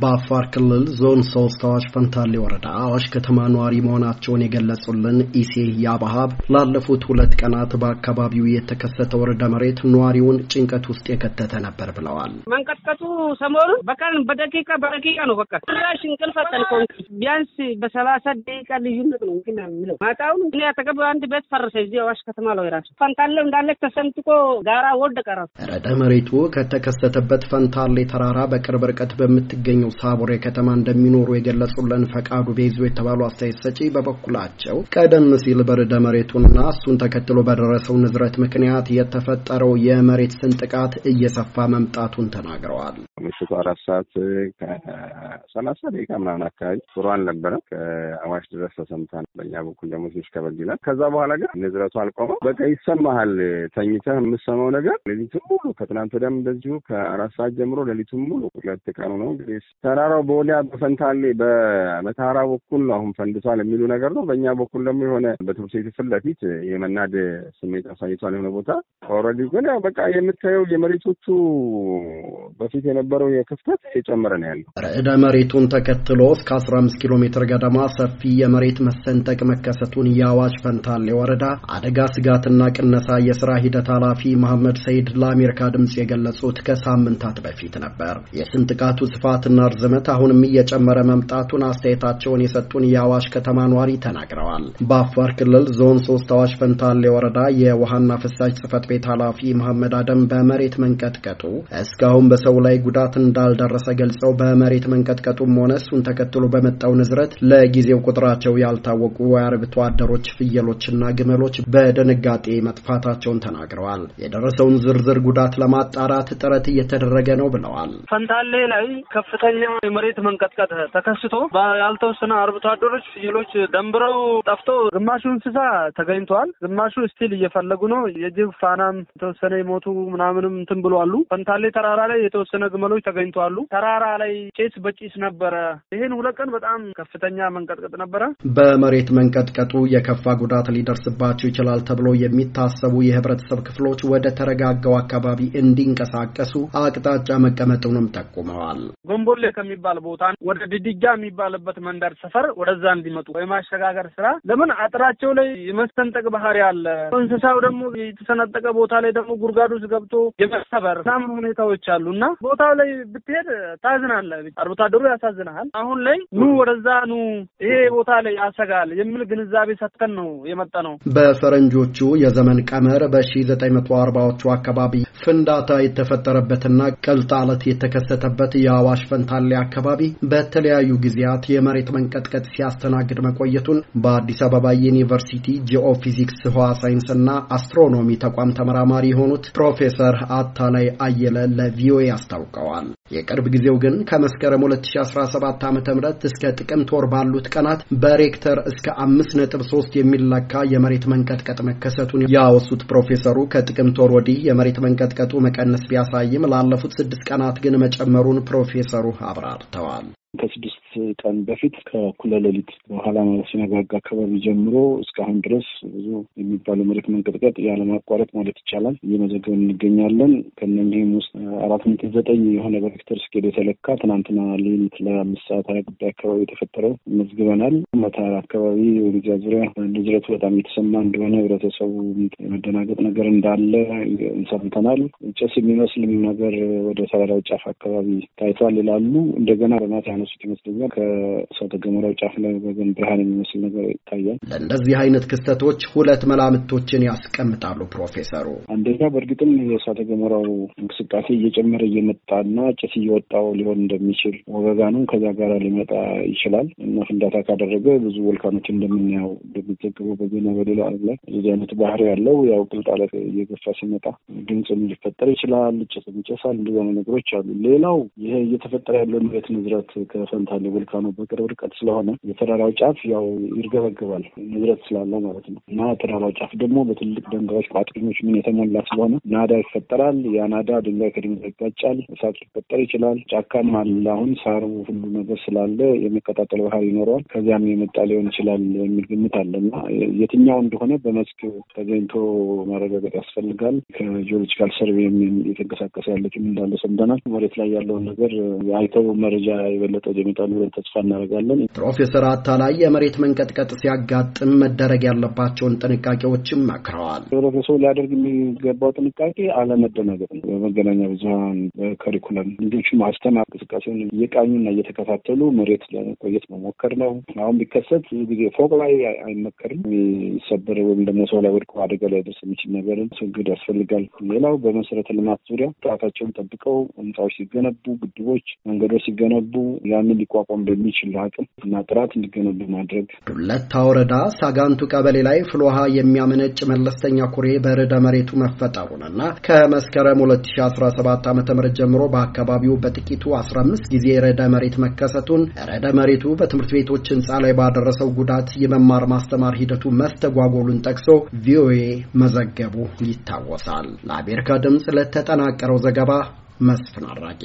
በአፋር ክልል ዞን ሶስት አዋሽ ፈንታሌ ወረዳ አዋሽ ከተማ ነዋሪ መሆናቸውን የገለጹልን ኢሴ ያባሀብ ላለፉት ሁለት ቀናት በአካባቢው የተከሰተው ወረዳ መሬት ነዋሪውን ጭንቀት ውስጥ የከተተ ነበር ብለዋል። መንቀጥቀጡ ሰሞኑን በቀን በደቂቃ በደቂቃ ነው። በቃ ራሽ እንቅልፍ አጠልቆን ቢያንስ በሰላሳ ደቂቃ ልዩነት ነው እንግዲህ የሚለው ማታውን እኔ አጠገብ አንድ ቤት ፈረሰ። እዚህ አዋሽ ከተማ ላይ ራሱ ፈንታሌ እንዳለ ተሰንጥቆ ጋራ ወደቀ። ራሱ ርዕደ መሬቱ ከተከሰተበት ፈንታሌ ተራራ በቅርብ ርቀት በምትገኘ በምትገኘው ሳቡሬ ከተማ እንደሚኖሩ የገለጹልን ፈቃዱ ቤይዞ የተባሉ አስተያየት ሰጪ በበኩላቸው ቀደም ሲል በርዕደ መሬቱና እሱን ተከትሎ በደረሰው ንዝረት ምክንያት የተፈጠረው የመሬት ስንጥቃት እየሰፋ መምጣቱን ተናግረዋል። ምሽቱ አራት ሰዓት ከሰላሳ ደቂቃ ምናምን አካባቢ ጥሩ አልነበረም። ከአዋሽ ድረስ ተሰምተን በእኛ በኩል ደግሞ ትንሽ ከበድ ይላል። ከዛ በኋላ ግን ንዝረቱ አልቆመም። በቃ ይሰማሃል። ተኝተህ የምሰማው ነገር ሌሊቱን ሙሉ ከትናንት ወዲያም እንደዚሁ ከአራት ሰዓት ጀምሮ ሌሊቱን ሙሉ ሁለት ቀኑ ነው እንግዲህ ተራራው በወዲያ በፈንታሌ በመተሃራ በኩል አሁን ፈንድቷል የሚሉ ነገር ነው። በእኛ በኩል ደግሞ የሆነ በትምህርት ቤቱ ፊት ለፊት የመናድ ስሜት አሳይቷል የሆነ ቦታ። ኦልሬዲ ግን ያው በቃ የምታየው የመሬቶቹ በፊት የነበረው የክፍተት የጨመረ ነው ያለው። ርዕደ መሬቱን ተከትሎ እስከ አስራ አምስት ኪሎ ሜትር ገደማ ሰፊ የመሬት መሰንጠቅ መከሰቱን የአዋሽ ፈንታሌ ወረዳ አደጋ ስጋትና ቅነሳ የስራ ሂደት ኃላፊ መሐመድ ሰይድ ለአሜሪካ ድምጽ የገለጹት ከሳምንታት በፊት ነበር። የስንጥቃቱ ስፋትና ርዝመት አሁንም እየጨመረ መምጣቱን አስተያየታቸውን የሰጡን የአዋሽ ከተማ ኗሪ ተናግረዋል። በአፋር ክልል ዞን ሶስት አዋሽ ፈንታሌ ወረዳ የውሃና ፍሳሽ ጽህፈት ቤት ኃላፊ መሐመድ አደም በመሬት መንቀጥቀጡ እስካሁን በሰው ላይ ጉዳት እንዳልደረሰ ገልጸው በመሬት መንቀጥቀጡም ሆነ እሱን ተከትሎ በመጣው ንዝረት ለጊዜው ቁጥራቸው ያልታወቁ የአርብቶ አደሮች ፍየሎችና ግመሎች በድንጋጤ መጥፋታቸውን ተናግረዋል። የደረሰውን ዝርዝር ጉዳት ለማጣራት ጥረት እየተደረገ ነው ብለዋል። ፈንታሌ ላይ ከፍተኛ ኃይለኛ የመሬት መንቀጥቀጥ ተከስቶ ያልተወሰነ አርብቶ አደሮች ፍየሎች ደንብረው ጠፍቶ ግማሹ እንስሳ ተገኝተዋል፣ ግማሹ ስቲል እየፈለጉ ነው። የጅብ ፋናም የተወሰነ የሞቱ ምናምንም እንትን ብሏሉ። ፈንታሌ ተራራ ላይ የተወሰነ ግመሎች ተገኝተዋሉ። ተራራ ላይ ጭስ በጭስ ነበረ። ይህን ሁለት ቀን በጣም ከፍተኛ መንቀጥቀጥ ነበረ። በመሬት መንቀጥቀጡ የከፋ ጉዳት ሊደርስባቸው ይችላል ተብሎ የሚታሰቡ የህብረተሰብ ክፍሎች ወደ ተረጋጋው አካባቢ እንዲንቀሳቀሱ አቅጣጫ መቀመጡንም ጠቁመዋል። ጎንቦሌ ከሚባል ቦታ ወደ ድድጃ የሚባልበት መንደር ሰፈር ወደዛ እንዲመጡ የማሸጋገር ስራ ለምን አጥራቸው ላይ የመሰንጠቅ ባህሪ አለ። እንስሳው ደግሞ የተሰነጠቀ ቦታ ላይ ደግሞ ጉርጋድ ገብቶ የመሰበር ምናምን ሁኔታዎች አሉ እና ቦታው ላይ ብትሄድ ታዝናለ። አርብቶ አደሩ ያሳዝናል። አሁን ላይ ኑ ወደዛ ኑ፣ ይሄ ቦታ ላይ ያሰጋል የሚል ግንዛቤ ሰጥተን ነው የመጣ ነው። በፈረንጆቹ የዘመን ቀመር ዘጠኝ መቶ አርባዎቹ አካባቢ ፍንዳታ የተፈጠረበትና ቀልጣለት የተከሰተበት የአዋሽ ፈንታ መሀሌ አካባቢ በተለያዩ ጊዜያት የመሬት መንቀጥቀጥ ሲያስተናግድ መቆየቱን በአዲስ አበባ ዩኒቨርሲቲ ጂኦፊዚክስ ህዋ ሳይንስና አስትሮኖሚ ተቋም ተመራማሪ የሆኑት ፕሮፌሰር አታላይ አየለ ለቪኦኤ አስታውቀዋል። የቅርብ ጊዜው ግን ከመስከረም 2017 ዓ ም እስከ ጥቅምት ወር ባሉት ቀናት በሬክተር እስከ 5.3 የሚለካ የመሬት መንቀጥቀጥ መከሰቱን ያወሱት ፕሮፌሰሩ ከጥቅምት ወር ወዲህ የመሬት መንቀጥቀጡ መቀነስ ቢያሳይም ላለፉት ስድስት ቀናት ግን መጨመሩን ፕሮፌሰሩ አብራርተዋል። ከስድስት ቀን በፊት ከእኩለ ሌሊት በኋላ ሲነጋጋ አካባቢ ጀምሮ እስካሁን ድረስ ብዙ የሚባለው መሬት መንቀጥቀጥ ያለማቋረጥ ማለት ይቻላል እየመዘገብን እንገኛለን። ከነኚህም ውስጥ አራት ነጥብ ዘጠኝ የሆነ በሬክተር ስኬል የተለካ ትናንትና ሌሊት ለአምስት ሰዓት ሀያ ጉዳይ አካባቢ የተፈጠረው መዝግበናል። መተሃራ አካባቢ ወደዚያ ዙሪያ ንዝረቱ በጣም የተሰማ እንደሆነ ህብረተሰቡ የመደናገጥ ነገር እንዳለ እንሰምተናል። ጭስ የሚመስልም ነገር ወደ ተራራው ጫፍ አካባቢ ታይቷል ይላሉ። እንደገና ረናት ያነሱት ይመስለኛል ከእሳተ ገሞራው ጫፍ ላይ ወገን ብርሃን የሚመስል ነገር ይታያል። ለእንደዚህ አይነት ክስተቶች ሁለት መላምቶችን ያስቀምጣሉ ፕሮፌሰሩ። አንደኛ በእርግጥም የእሳተ ገሞራው እንቅስቃሴ እየጨመረ እየመጣና ጭስ እየወጣው ሊሆን እንደሚችል ወገጋኑም ከዛ ጋር ሊመጣ ይችላል እና ፍንዳታ ካደረገ ብዙ ወልካኖች እንደምናየው እንደሚዘግበው በዜና በሌላ ላይ የዚህ አይነት ባህሪ ያለው ያው ቅልጣለት እየገፋ ሲመጣ ድምፅም ሊፈጠር ይችላል፣ ጭስም ይጨሳል። እንደዚ ነገሮች አሉ። ሌላው ይሄ እየተፈጠረ ያለው መሬት ንዝረት ከፈንታሌ ነው። በቅርብ ርቀት ስለሆነ የተራራው ጫፍ ያው ይርገበግባል ንብረት ስላለው ማለት ነው እና ተራራው ጫፍ ደግሞ በትልቅ ድንጋዮች ቋጥኞች ምን የተሞላ ስለሆነ ናዳ ይፈጠራል። ያ ናዳ ድንጋይ ከድንጋይ ይጋጫል። እሳት ሊፈጠር ይችላል። ጫካም አለ። አሁን ሳሩ ሁሉ ነገር ስላለ የመቀጣጠል ባህር ይኖረዋል። ከዚያም የመጣ ሊሆን ይችላል የሚል ግምት አለ እና የትኛው እንደሆነ በመስክ ተገኝቶ ማረጋገጥ ያስፈልጋል። ከጂኦሎጂካል ሰርቬ የተንቀሳቀሰ ያለችም እንዳለ ሰምተናል። መሬት ላይ ያለውን ነገር አይተው መረጃ የበለጠ ጀሚጣ ብለን ተስፋ እናደርጋለን። ፕሮፌሰር አታላይ የመሬት መንቀጥቀጥ ሲያጋጥም መደረግ ያለባቸውን ጥንቃቄዎችም መክረዋል። ህብረተሰቡ ሊያደርግ የሚገባው ጥንቃቄ አለመደናገጥ ነው። በመገናኛ ብዙሀን በከሪኩለም ልጆቹ ማስተማር እንቅስቃሴውን እየቃኙና እየተከታተሉ መሬት ለመቆየት መሞከር ነው። አሁን ቢከሰት ብዙ ጊዜ ፎቅ ላይ አይመከርም። የሚሰበር ወይም ደግሞ ሰው ላይ ወድቆ አደጋ ላይ ደርስ የሚችል ነገርን ስግድ ያስፈልጋል። ሌላው በመሰረተ ልማት ዙሪያ ጥራታቸውን ጠብቀው ህንፃዎች ሲገነቡ፣ ግድቦች፣ መንገዶች ሲገነቡ ያንን ሊቋቋ ሊቋቋም በሚችል አቅም እና ጥራት እንዲገነቡ ማድረግ። ዱለታ ወረዳ ሳጋንቱ ቀበሌ ላይ ፍልውሃ የሚያመነጭ መለስተኛ ኩሬ በርዕደ መሬቱ መፈጠሩንና ከመስከረም 2017 ዓ ም ጀምሮ በአካባቢው በጥቂቱ 15 ጊዜ ርዕደ መሬት መከሰቱን ርዕደ መሬቱ በትምህርት ቤቶች ህንፃ ላይ ባደረሰው ጉዳት የመማር ማስተማር ሂደቱ መስተጓጎሉን ጠቅሶ ቪኦኤ መዘገቡ ይታወሳል። ለአሜሪካ ድምፅ ለተጠናቀረው ዘገባ መስፍን አራቂ